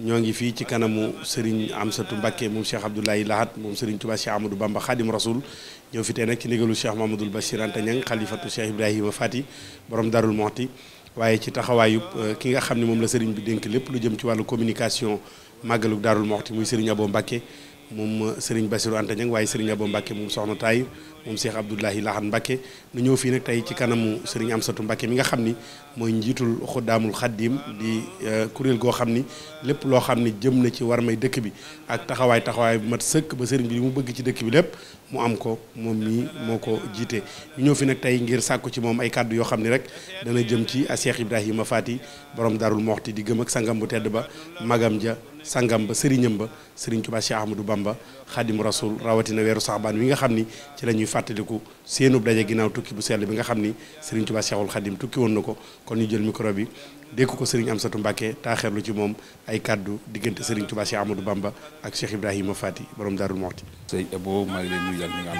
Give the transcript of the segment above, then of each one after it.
ñoo ngi fii ci kanamu Serigne Amsatou Mbacké moom Cheikh Abdoulaye Lahat moom Serigne Touba Cheikh Amadou Bamba Khadim Rasoul ñëw fi tey nag ci ndigalu Cheikh Mahamadoul Bachir Anta Niang xalifatu Cheikh Ibrahima Fati borom Darul Moxti waaye ci taxawaayu euh, ki nga xam ne moom la Serigne bi dénk lépp lu jëm ci wàllu communication màggalu Darul Moxti muy Serigne Abo Mbacké moom euh, Serigne Bassirou Anta Niang waaye Serigne Abo Mbacké moom soxna Taïr moom Cheikh Abdoulahi Lahat Mbacke nu ñëw fii nag tey ci kanamu Serigne Amsatou Mbacke mi nga xam ni mooy njiitul xuddaamul xaddim di euh, kuréel goo xam ni lépp loo xam ni jëm na ci war may dëkk bi ak taxawaay taxawaay bu mat sëkk ba Serigne bi li mu bëgg ci dëkk bi lépp mu am ko moom mii moo ko jiite ñu ñëw fi nag tey ngir sàkku ci moom ay kàddu yoo xam ni rek dana jëm ci Cheikh Ibrahima Faty borom Darou Mouhty di gëm ak sangam bu tedd ba magam ja sangam ba sëriñam ba sëriñ Tuubaa Cheikh Ahmadou Bamba Xaadimu Rasuul rawatina weeru saxbaan wi nga xam ni ci la ñuy fàttaliku seenub daje ginnaaw tukki bu sell bi nga xam ni sëriñ Tuubaa Cheikhul Xaadim tukki woon na ko kon ñu jël micro bi dékk ko sëriñ am Amsatu Mbàkke taaxeerlu ci moom ay kàddu diggante sëriñ Tuubaa Cheikh Amadou Bamba ak Cheikh Ibrahima Fati borom Daarul Moxti sëñ Ebo maa ngi lay nuyu nga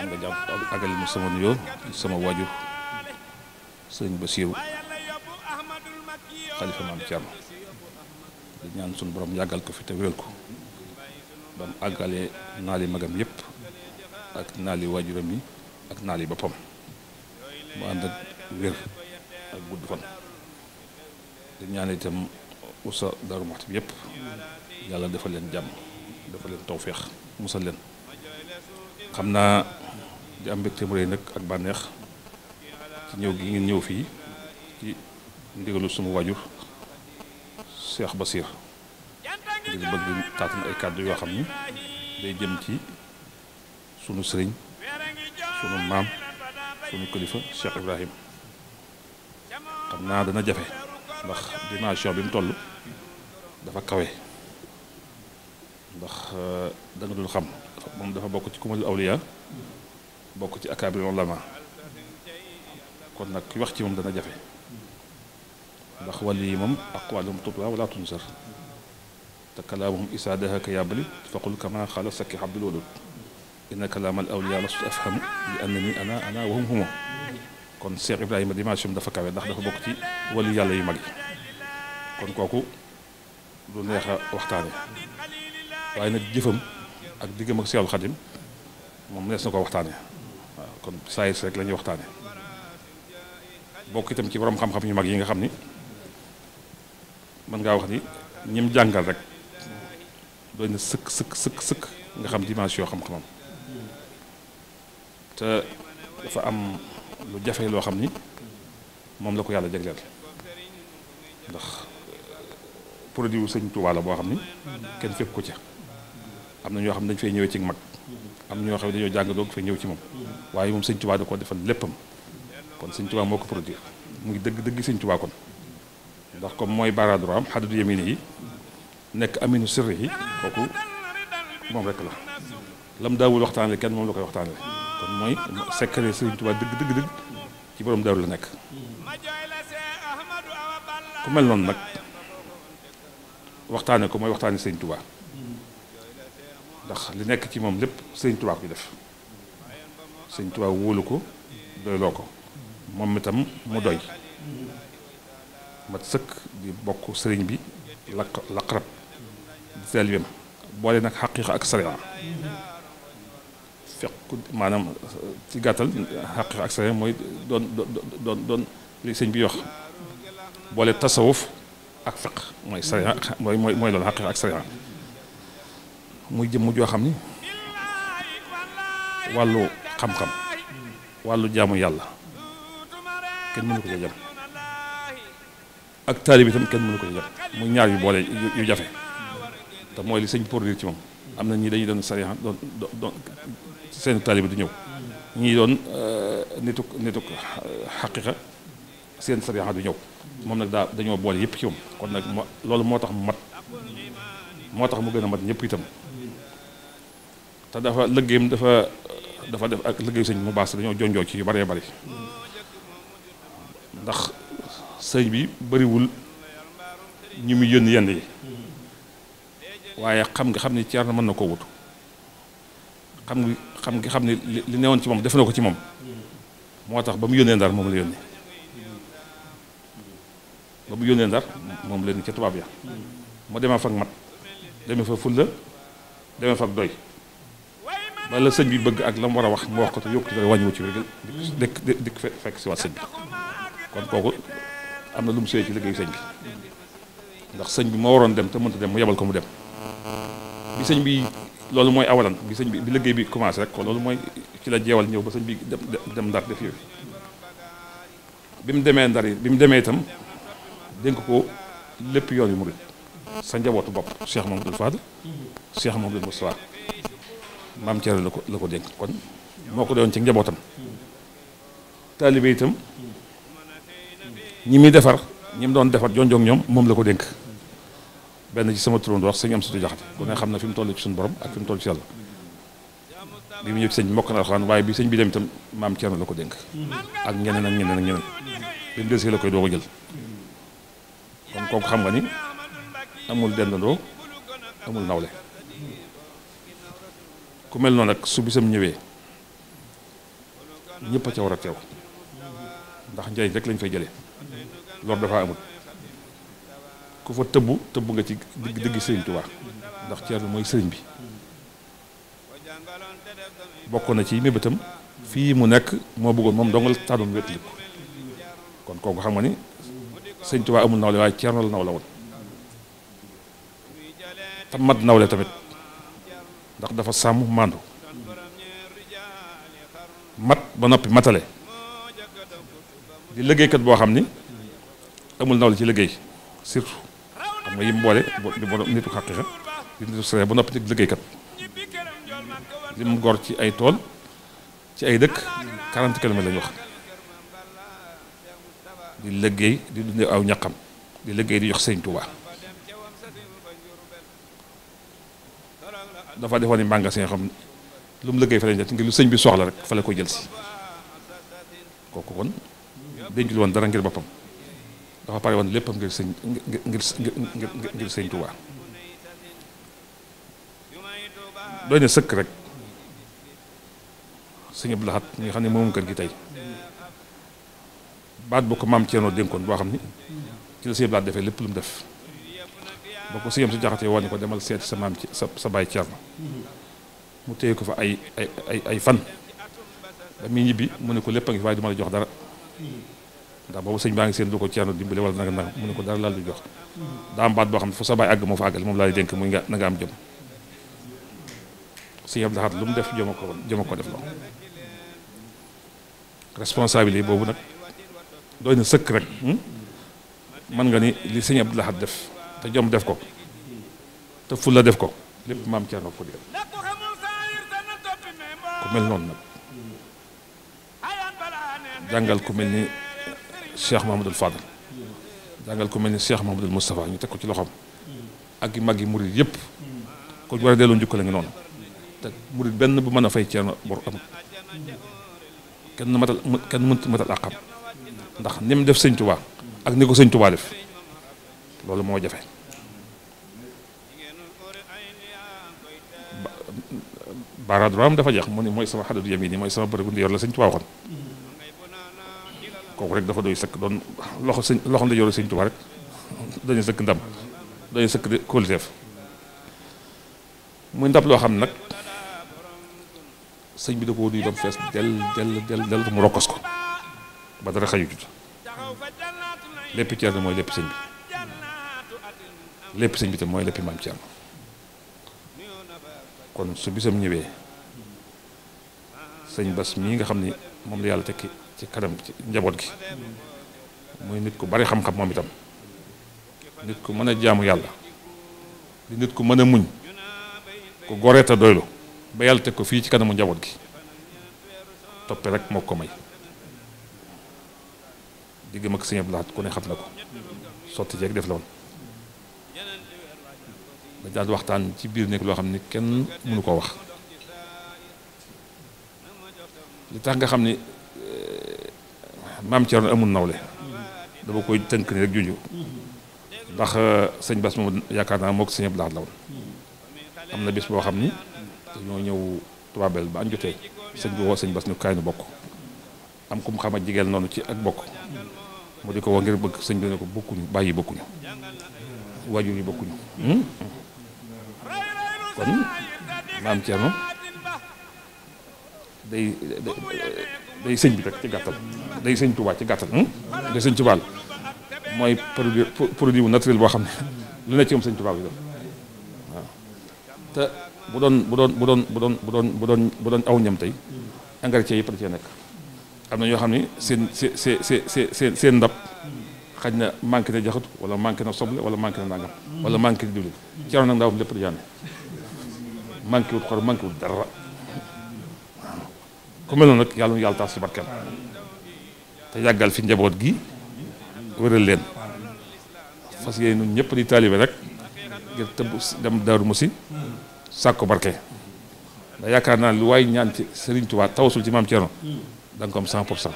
àndal sama nuyoo sama waajur sëriñ Basiiru xalifa maam Cerno di ñaan suñu borom yàggal ko fi te wéral ko ba mu àggale yëpp ak naali waajuram yi ak naali boppam mu ànd ak wér ak gudd fan di ñaan itam usa daaru maxti bi yàlla defal leen jàmm dafa leen tawféex musal leen xam naa di am mbégte mu nag ak bànneex ci ñëw gi ngeen ñëw fii ci ndigalu suma waajur Seex Basiir ngir bëgg taatan ay kàddu yoo xam ni day jëm ci sunu sëriñ sunu maam suñu kilifa Cheikh Ibrahim xam naa dana jafe ndax dimension bi mu toll dafa kawe ndax euh, da nga dul xam moom dafa bokk ci kumalul awliya bokk ci akaabir ulama kon nag ki wax ci moom dana jafe ndax wàlli yi moom aqwaalum tutwa wala tunsar te kalaamuhum isaa dahaka yabali faqul kama xaala sakki xabdi loolu inna kalaamal awliyaa la sut afhamu bi anna nii ana ana wa kon Cheikh Ibrahima dimension dafa kawe ndax dafa bokk ci wàllu yàlla yu mag yi kon kooku lu neex waxtaane waaye nag jëfam ak diggam ak Seexul Xadim moom nees waaw kon saayis rek la ñuy waxtaane bokk itam ci borom xam-xam yu mag yi nga xam ni mën ngaa wax ni ñim jàngal rek doy na sëkk sëkk sëkk sëkk nga xam dimension xam-xamam te dafa am lu jafe loo xam ni moom la ko yàlla jagleel ndax euh, produit wu sëñ Tuubaa la boo xam ni kenn fépp ko ca am na ñoo xam ne dañu fay ñëwee cig mag am ñoo xam dañoo jàng doog fay ñëw ci moom waaye moom sëñ Tuubaa da koo defal léppam kon sëñ Tuubaa moo ko produire mu ngi dëgg dëgg sëñ Tuubaa kon ndax comme mooy bara droit am xaddu yemini yi nekk aminu sirri yi kooku moom rek la lam daawul waxtaan waxtaanee kenn moom la koy waxtaanee kon mooy secret Serigne Touba dëgg dëgg dëgg ci borom daaru la nekk ku mel noonu nag waxtaanee ko mooy waxtaanee Serigne Touba ndax li nekk ci moom lépp Serigne Touba ko def Serigne Touba wóolu ko doyloo ko moom itam mu doy mat sëkk di bokk Serigne bi laq laqrab di taalibeem boole nag xaqiiqa ak sariya fekku maanaam ci gàttal xaqiq ak saxiix mooy doon doon doon li sëñ bi wax boole tasawuf ak fiq mooy saxiix mooy mooy mooy loolu ak saxiix muy jëmm joo xam ni wàllu xam-xam wàllu jaamu yàlla kenn mu mënu ko ca jam ak taalibi tam kenn mu ko ca muy ñaar yu boole yu jafe te mooy li sëñ produire ci moom am na ñi dañuy doon sariya doon doon seen taalibe du ñëw ñi doon nituk euh, nituk xaqiqa seen sariya du ñëw moom nag daa dañoo boole yëpp ci moom kon nag loolu moo tax mu mat moo tax mu gën a mat ñëpp itam te dafa lëggéeyam dafa dafa def ak lëggéeyu sëñ mu baas dañoo jonjoo ci yu bëree bëri ndax sëñ bi bariwul ñu muy yónni yenn yi waaye xam nga xam ne na mën na koo wutu xam nga xam nga xam ne li newoon ci moom def na ko ci moom moo tax ba mu yónnee ndar moom la yónnee ba mu yónnee ndar moom la yónnee ca tubaab ya mu demee fa ak mat demee fa fulla demee fa ak doy ba la sëñ bi bëgg ak la mu war a wax mu wax ko te yóbbu ko dara wàññiwu ci dëkk dëkk fekk si waat bi kon kooku am na lu mu sëy ci liggéey sëñ bi ndax sëñ bi moo waroon dem te mun mënta dem mu yebal ko mu dem bi sëñ bi loolu mooy awalan bi sëñ bi bi liggéey bi commencé rek ko loolu mooy ci la jeewal ñëw ba sëñ bi dem dem ndar def yooyu bi mu demee ndar yi bi mu demee itam dénk ko lépp yoon yu murid sa njabootu bopp Cheikh Mamadou Fadl moom Mamadou Moustapha maam Thierno la ko la ko dénk kon moo ko doon ci njabootam taalibe itam ñi muy defar ñi mu doon defar jonjoog ñoom moom la ko dénk benn ci sama turoon wax sëñ am sutu jaxate ku ne xam na fi mu toll ci suñu borom ak fi mu toll ci yàlla bi mu ñëw ci sëñ mokk na waaye bi sëñ bi dem itam maam la ko dénk ak ñeneen ak ñeneen ak ñeneen bi mu la koy doog a jël kon xam nga ni amul dendandoo amul nawle ku mel noonu nag su bisam ñëwee ñëpp a ca war a teew ndax njëriñ rek lañ fay jële loolu dafa amul ku fa tëbbu tëbbu nga ci digg digg sëriñ Tuubaa ndax Ceerno mooy sëriñ bi bokkoon na ci mébétam fii mu nekk moo bëggoon moom dongal tànnoon wétali ko kon kooku xam nga ni sëñ Tuubaa amul nawle waaye Ceerno la naw la woon te mat nawle tamit ndax dafa sàmm màndu mat ba noppi matale di liggéeykat boo xam ni amul nawle ci liggéey mooy yim boole di borom nitu xaqiqa di nitu sare ba noppi nag liggéeykat li mu gor ci ay tool ci ay dëkk 40 kilomètres la ñu wax di liggéey di dundee aw ñaqam di jox sëñ Touba dafa defoon ni magasin yoo xam lu mu fa lañ def lu sëñ bi soxla rek fa la ko jël si kooku kon denc lu woon dara ngir boppam. dafa pare woon léppam ngir sëñ ngir ngir ngir sëñ Tuubaa doy na sëkk rek sëñ Abdou Lahad mi nga xam ne moom kër gi tey baat boo ko maam Thierno dénkoon boo xam ni ci la sëñ Abdou defee lépp lu mu def boo ko sëñam si jaxatee woon ni ko demal seet sa maam ci sa sa baay Thierno mu téye ko fa ay ay fan ba muy ñibbi mu ne ko lépp a ngi waaye du la jox dara ndax boobu sëñ baa ngi seen du ko ceerno dimbale wala nanga nanga ne ko dara laal du jox daa boo xam ne fu sa baay àgg moo fa àggal moom laa dénk nga na nga am lu mu def joma ko joma ko def loo boobu nag doy sëkk rek hmm? nga ni li sëñ Abdou Lahad def te jom def ko te fulla def ko lépp maam ceerno ko mel noonu nag jàngal ku mel ni Cheikh Mahamadul Fadal jàngal ko mel ni Cheikh Mahamadul Moustapha ñu teg ko ci loxoom ak yi mag yi murid yëpp ko war a delloo njukkal a ngi noonu te benn bu mën a fay ceerno bor amul kenn matal kenn mënta matal ndax ni mu def sëñ ak ni ko sëñ loolu moo jafe baaraaduraam dafa jeex mu ni mooy sama xadadu yam yi nii mooy sama bërëbu ndi yor la sëñ Tuubaa waxoon kooku rek dafa doy sëkk doon loxo sëñ loxo la yore sëñ Tuubaa rek dañu sëkk ndam dañu sëkk de kóoliteef muy ndab loo xam nag sëñ bi da koo duy ba mu fees del del del del mu rokkos ko ba dara xaju jut lépp Ceerno mooy lépp sëñ bi lépp sëñ bi tam mooy lépp maam Ceerno kon su bisam ñëwee sëñ Bas mii nga xam ni moom la yàlla tekki ci kanam ci njaboot gi muy nit ku bari xam-xam moom itam nit ku mën a jaamu yàlla di nit ku mën a muñ ku goreet a doylu ba yàlla teg ko fii ci kanamu njaboot gi toppe rek moo ko may diggam ak Sëñ Abdou Lahad ku ne xam na ko sotti jeeg def la woon da daan waxtaan ci biir nekk loo xam ni kenn mënu koo wax li tax nga xam ni maam Thierno amul nawle dama koy tënk ni rek junju ndax euh, sëñ Bass moom yaakaar naa moo ko sëñ Abdou Lahad la woon am na bis boo xam ni dañoo ñëw tubaabel ba añ jotee sëñ bi woo sëñ Bass ni kaay nu bokk am ku xam a jigéen noonu ci ak bokk mu di ko woo ngir bëgg sëñ bi ne ko bokkuñu bàyyi bokkuñu waajur yi bokkuñu hmm? day sëñ bi rek ci gàttal day sëñ Tuubaa ci gàttal hmm? day sëñ Tuubaa mooy produit produit wu naturel boo xam ne lu ne ci moom sëñ Tuubaa bi def doon bu doon bu doon bu doon bu doon bu doon bu doon aw ñam tey engrais yëpp da cee nekk am na ñoo xam ne seen see see see seen seen ndab xaj na manqué na jaxatu wala manqué na soble wala manqué na nangam wala manqué na diwlin ci ron nag ndaawam lépp da jaane manqué wut xor manqué wut dara ku mel noonu nag yàlla na yàlla taas ci barkeem te yàggal fi njaboot gi wëral leen fas yéene ñun ñëpp di taalibe rek ngir tëbb dem Daaru Musi sàkku barke da yaakaar naa lu waay ñaan ci Serigne Touba tawasul ci maam Thierno da nga ko pour cent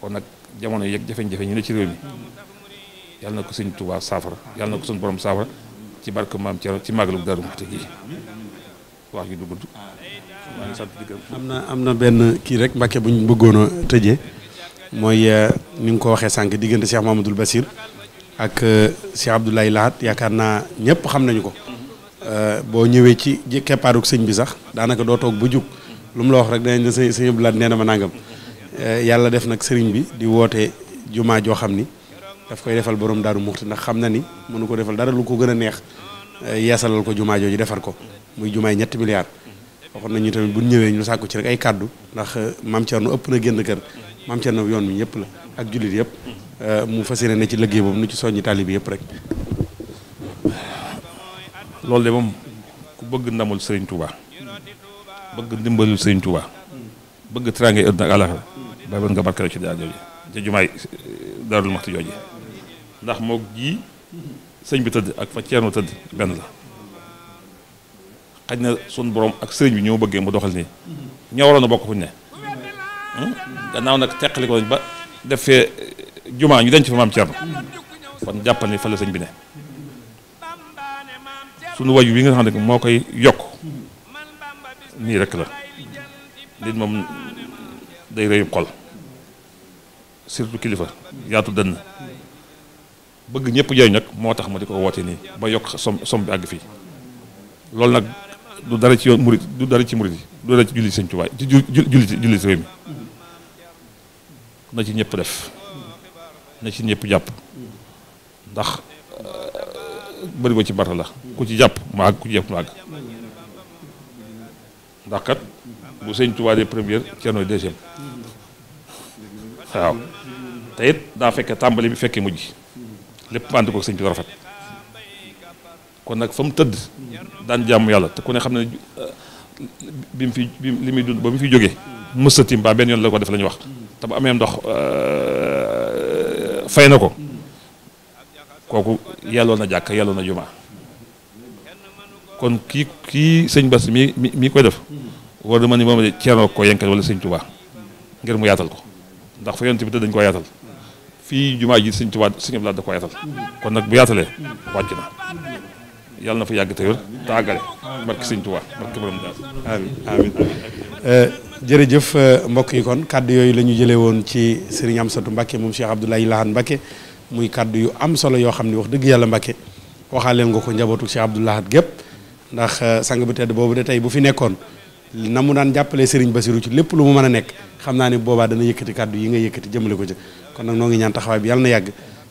kon nag jamono yeeg jafe-jafe ñu ne ci réew mi yàlla na ko Serigne Touba saafara yàlla na ko suñu borom saafara ci barke maam Thierno ci màggalu Daaru Muxti gi wax yu dugg am na am na benn kii rek mbàkke bu ñu bëggoon a tëjee mooy euh, ni nga ko waxee sànq diggante Cheikh Mamadou Bassir ak euh, Cheikh Abdoulaye Lahat yaakaar naa ñëpp xam nañu ko. Euh, boo ñëwee ci keppaaruk sëñ bi sax daanaka doo toog bu jug lu mu la wax rek danañ ne sëñ sëñ nee na ma nangam yàlla def nag sëriñ bi di woote jumaa joo xam ni daf koy defal borom daaru muxti ndax xam na ni mënu ko defal dara lu ko gën a neex yeesalal ko jumaa jooju defar ko muy jumaay ñetti milliards. waxoon nañu tamit bu ñëwee ñu sàkku ci rek ay kàddu ndax euh, maam Thierno ëpp na génn kër maam Thierno yoon mi yëpp la ak jullit yëpp euh, mu fas yéene ne ci liggéey boobu nu ci soññi taalibe yëpp rek. loolu de moom ku bëgg ndamul Serigne Touba bëgg ndimbalul Serigne Touba bëgg teraange ëdd ak àllaxira ba nga barkeeloo ci daal jooju te jumaay darul maxtu jooju ndax moog ji sëñ bi tëdd ak fa Thierno tëdd benn la. xaj na sun boroom ak sëriñ bi ñoo bëggee mu doxal nii ñoo waroon a bokk fuñ ne hmm? gannaaw nag teqali ba def fee eh, jumaa ñu denc fa maam Thierno kon jàppal ni fa bi ne sunu waju bi nga xam ne moo koy yokk nii rek la nit moom day xol surtout kilifa yaatu dënn bëgg ñëpp jariñ nag moo tax ma di ko woote nii ba yokk som som bi àgg fii loolu nag lu dara ci yoon murit du dara ci murit yi du dara ci julli sëñ Tuubaa ci julli julli réew mi na ci ñëpp def na ci ñëpp jàpp ndax euh, bëri ci mbata la ku ci jàpp maag ku ci jàpp maag ndax kat bu sëñ Tuubaa de première Ceerno deuxième waaw te it daa fekkee tàmbali bi fekkee mujj lépp ànd ko sëñ bi rafet kon nag fa mu tëdd daan jàmm yàlla te ku ne xam ne bi mu fi li muy dund ba mu fi jógee mësati mbaa benn yoon la ko def la ñu wax te bu amee ndox euh, fay na ko kooku yàlloon na jàkk yàlloon na jumaa kon kii kii sëñ Bass mi mi mii koy def war na ma ni moom de ceerno ko yenkal wala sëñ Tuubaa ngir mu yaatal ko ndax fa yonent bi te dañ ko yaatal fii jumaa ji sëñ Tuubaa sëñ Abdou Lahad da yaatal kon nag bu yaatalee wàcc na yàlla na fa yàgg te wér te àggale barke sëñ Tuubaa barke borom daal euh, euh, mbokk yi kon kàddu yooyu la ñu jëlee woon ci sëriñ Amsatu Mbàkke moom Cheikh Abdoulaye Lahad Mbàkke muy kàddu yu am solo yoo xam ne wax dëgg yàlla Mbàkke waxaaleen nga ko njabootu Cheikh Abdoulaye Lahad gépp ndax euh, sang bu tedd boobu de tey bu fi nekkoon na mu daan jàppalee sëriñ Basiru ci lépp lu mu mën a nekk xam naa ne boobaa dana yëkkati kàddu yi nga yëkkati jëmale ko ci kon nag noo ngi ñaan taxawaay bi yàlla na yàgg